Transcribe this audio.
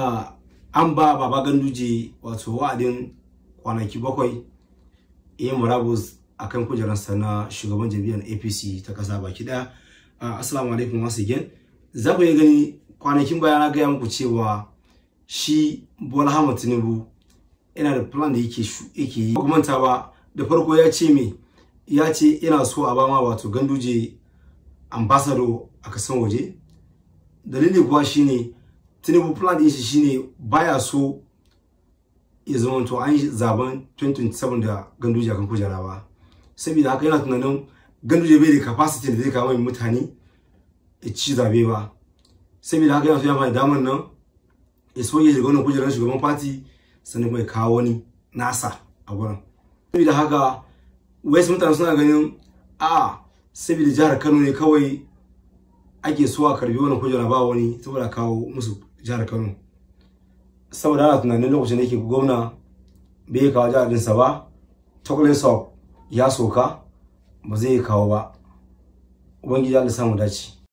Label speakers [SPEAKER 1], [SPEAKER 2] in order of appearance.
[SPEAKER 1] Ah, an ba baba ganduje wato wa'adin kwanaki bakwai iya murabus a kan kujerarsa na shugaban jami'ar apc ta kasa baki daya ah, assalamu alaikum once again za ku yi gani kwanakin baya na gaya muku cewa shi bola hamad tinubu yana da plan da yake yake yi kuma ba da farko ya ce me ya ce ina so a bama wato ganduje ambassador a kasan waje dalili kuwa shine tinubu plan din shi shine baya so ya zama to an zaben 2027 da ganduje kan kujera ba saboda haka yana tunanin ganduje bai da capacity da zai kawo mai mutane ya ci zabe ba saboda haka yana so ya fara damar nan ya so ya shiga wannan kujerar shugaban party sannan kuma ya kawo wani nasa a gurin saboda haka wasu mutane suna ganin a saboda jihar Kano ne kawai ake so a karbi wannan kujera ba wani saboda kawo musu jihar Kano saboda ana tunanin lokacin da yake gwamna bai kawo jihar ba chocolate shop ya soka ba zai kawo ba
[SPEAKER 2] ubangiji Allah samu dace